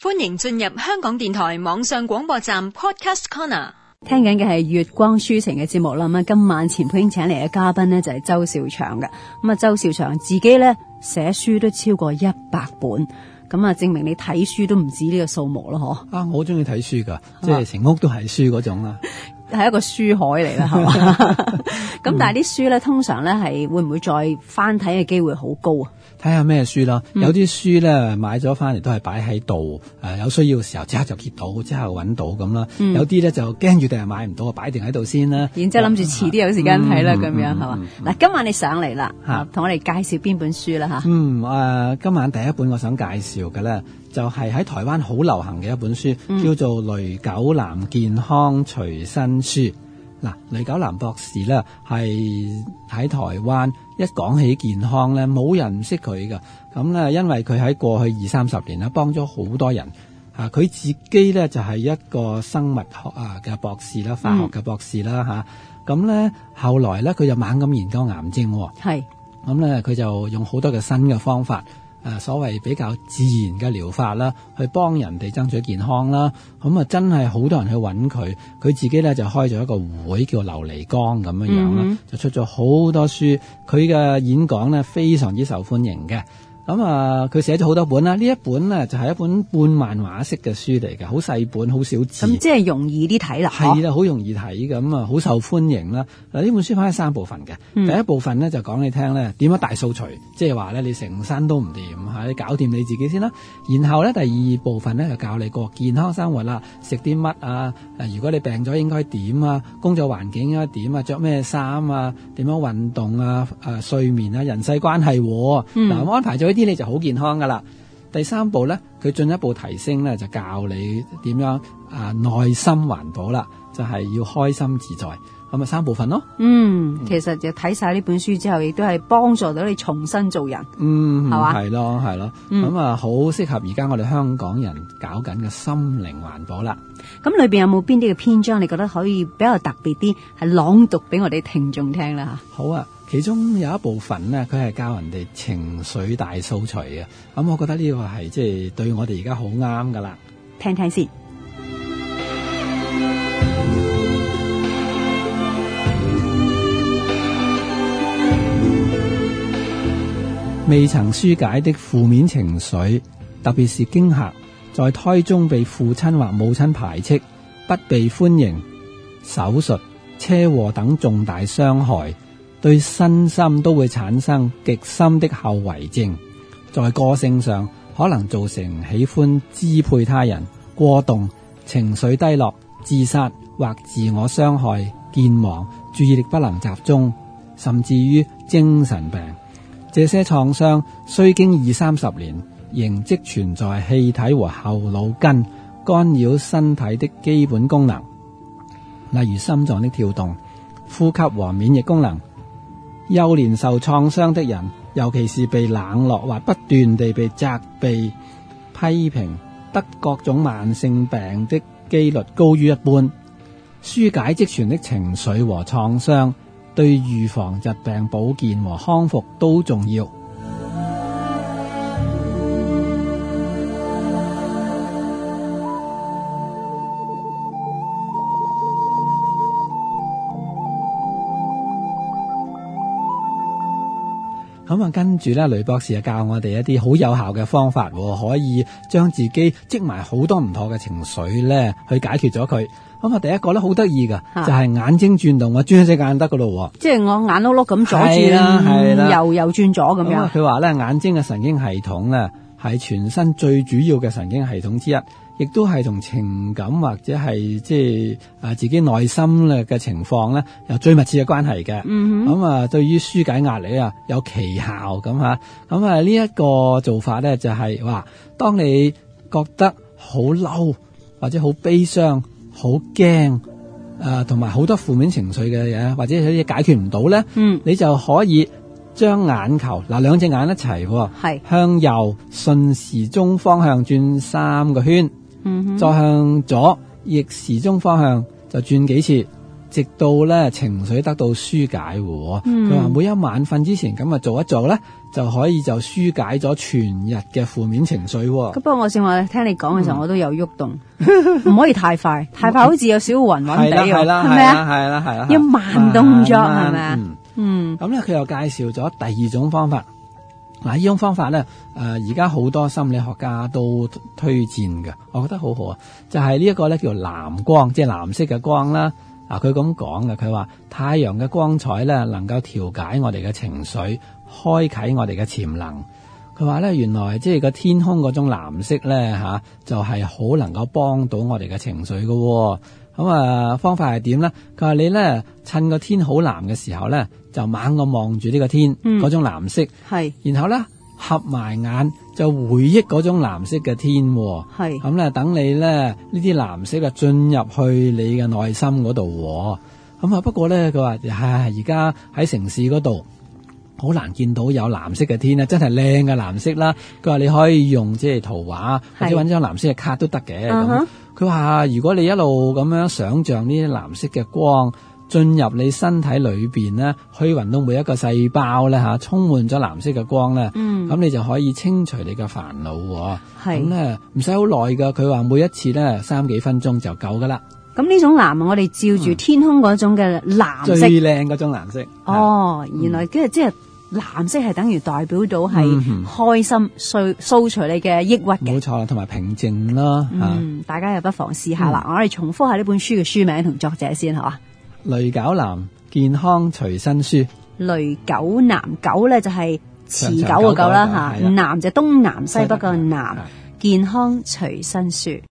歡迎進入香港電台網上廣播站 Podcast Corner，聽緊嘅係月光書情嘅節目啦。咁啊，今晚前輩請嚟嘅嘉賓呢，就係周兆祥嘅。咁啊，周兆祥自己咧寫書都超過一百本，咁啊，證明你睇書都唔止呢個數目咯。嗬，啊，我好中意睇書噶，即係成屋都係書嗰種啊。 係一個書海嚟啦，係嘛？咁、 嗯、 但係啲書咧，通常咧係會唔會再翻睇嘅機會好高啊？睇下咩書啦，嗯、有啲書咧買咗翻嚟都係擺喺度，誒有需要嘅時候即刻就揭到，之後搵到咁啦。有啲咧就驚住定，係買唔到，擺定喺度先啦。嗯、然之後諗住遲啲有時間睇啦，咁樣係嘛？嗱、嗯，嗯、吧今晚你上嚟啦吓，同、啊、我哋介紹邊本書啦吓。嗯，誒、呃，今晚第一本我想介紹嘅咧。就係喺台灣好流行嘅一本書，嗯、叫做《雷久南健康隨身書》。嗱，雷久南博士咧係喺台灣，一講起健康呢，冇人唔識佢噶。咁呢，因為佢喺過去二三十年咧，幫咗好多人。吓，佢自己呢就係一個生物學啊嘅博士啦，化學嘅博士啦，吓、嗯。咁呢、啊，後來呢，佢就猛咁研究癌症。係咁呢，佢就用好多嘅新嘅方法。誒所謂比較自然嘅療法啦，去幫人哋爭取健康啦，咁啊真係好多人去揾佢，佢自己呢就開咗一個會叫琉璃光咁樣啦，嗯、就出咗好多書，佢嘅演講呢非常之受歡迎嘅。咁啊，佢、嗯、寫咗好多本啦，呢一本呢，就係一本半漫畫式嘅書嚟嘅，好細本，好少字。咁即係容易啲睇啦。係、哦、啦，好容易睇嘅，咁啊好受歡迎啦。嗱，呢本書分開三部分嘅，嗯、第一部分呢，就講你聽咧點樣大掃除，即係話咧你成身都唔掂嚇，你搞掂你自己先啦。然後咧第二部分咧就教你個健康生活啦，食啲乜啊？如果你病咗應該點啊？工作環境應該點啊？着咩衫啊？點樣運動啊？睡眠啊？人際關係嗱、哦嗯、安排咗。呢你就好健康噶啦。第三步咧，佢進一步提升咧，就教你點樣啊，內心環保啦，就係、是、要開心自在。咁啊，三部分咯。嗯，其實就睇晒呢本書之後，亦都係幫助到你重新做人。嗯，係嘛吧，係咯，係咯。咁啊、嗯，好適合而家我哋香港人搞緊嘅心靈環保啦。咁裏邊有冇邊啲嘅篇章你覺得可以比較特別啲，係朗讀俾我哋聽眾聽啦？吓，好啊。其中有一部分咧，佢係教人哋情緒大掃除嘅。咁、嗯，我覺得呢個是，係即係對我哋而家好啱噶啦。聽聽先，未曾紓解的負面情緒，特別是驚嚇，在胎中被父親或母親排斥、不被歡迎、手術車禍等重大傷害。對身心都會產生極深的後遺症，在個性上可能造成喜歡支配他人、過動、情緒低落、自殺或自我傷害、健忘、注意力不能集中，甚至於精神病。這些創傷雖經二三十年，仍積存在氣體和後腦筋，干擾身體的基本功能，例如心臟的跳動、呼吸和免疫功能。幼年受創傷的人，尤其是被冷落或不斷地被責備、批評，得各種慢性病的機率高於一般。疏解積存的情緒和創傷，對預防疾病、保健和康復都重要。咁啊，跟住咧，雷博士就教我哋一啲好有效嘅方法、哦，可以將自己積埋好多唔妥嘅情緒咧，去解決咗佢。咁、嗯、啊，第一個咧好得意噶，啊、就係眼睛轉動轉我睛轉啊，轉一隻眼得噶咯。即係我眼碌碌咁左轉，右又轉咗咁樣。佢話咧，眼睛嘅神經系統咧。係全身最主要嘅神經系統之一，亦都係同情感或者係即係啊、呃、自己內心咧嘅情況咧，有最密切嘅關係嘅。咁啊、嗯哼嗯，對於舒解壓力啊有奇效咁嚇。咁啊，呢、嗯、一、這個做法咧就係、是、話，當你覺得好嬲或者好悲傷、好驚啊，同埋好多負面情緒嘅嘢，或者佢啲、呃、解決唔到咧，嗯、你就可以。將眼球嗱兩隻眼一齊，向右順時鐘方向轉三個圈，再向左逆時鐘方向就轉幾次，直到咧情緒得到舒解。佢話每一晚瞓之前咁啊做一做咧，就可以就舒解咗全日嘅負面情緒。咁不過我先話，聽你講嘅時候，我都有喐動，唔可以太快，太快好似有少少暈暈地，係咪啊？係啦係啦，要慢動作，係咪啊？嗯，咁咧佢又介紹咗第二種方法，嗱呢種方法咧，誒而家好多心理學家都推薦嘅，我覺得好好啊，就係呢一個咧叫藍光，即係藍色嘅光啦。嗱、啊，佢咁講嘅，佢話太陽嘅光彩咧，能夠調解我哋嘅情緒，開啟我哋嘅潛能。佢話咧，原來即係個天空嗰種藍色咧、啊，就係、是、好能夠幫到我哋嘅情緒嘅、哦。咁啊，方法係點咧？佢話你咧趁個天好藍嘅時候咧，就猛咁望住呢個天嗰、嗯、種藍色，是然後咧合埋眼就回憶嗰種藍色嘅天、哦，係是。咁咧、啊、等你咧呢啲藍色啊進入去你嘅內心嗰度、哦。咁啊，不過咧佢話啊而家喺城市嗰度。好難見到有藍色嘅天咧、啊，真係靚嘅藍色啦。佢話你可以用即係圖畫，是或者搵張藍色嘅卡都得嘅。咁佢話：huh. 如果你一路咁樣想象呢啲藍色嘅光進入你身體裏面呢，呢虛運到每一個細胞呢，啊、充滿咗藍色嘅光呢，咁、嗯、你就可以清除你嘅煩惱。咁是、嗯、呢，唔使好耐㗎，佢話每一次呢，三幾分鐘就夠㗎啦。咁呢種藍，我哋照住天空嗰種嘅藍色，最靚嗰種藍色。哦，是原來、嗯、即藍色係等於代表到係開心，掃掃、嗯、除你嘅抑鬱嘅。冇錯啦，同埋平靜啦，嗯、是大家又不妨試下啦。嗯、我哋重複下呢本書嘅書名同作者先，吓，雷久南狗狗狗上上九、就是、是南的健康隨身書，雷久南，久咧就係持久嘅久啦，吓，南就東南西北嘅南，健康隨身書。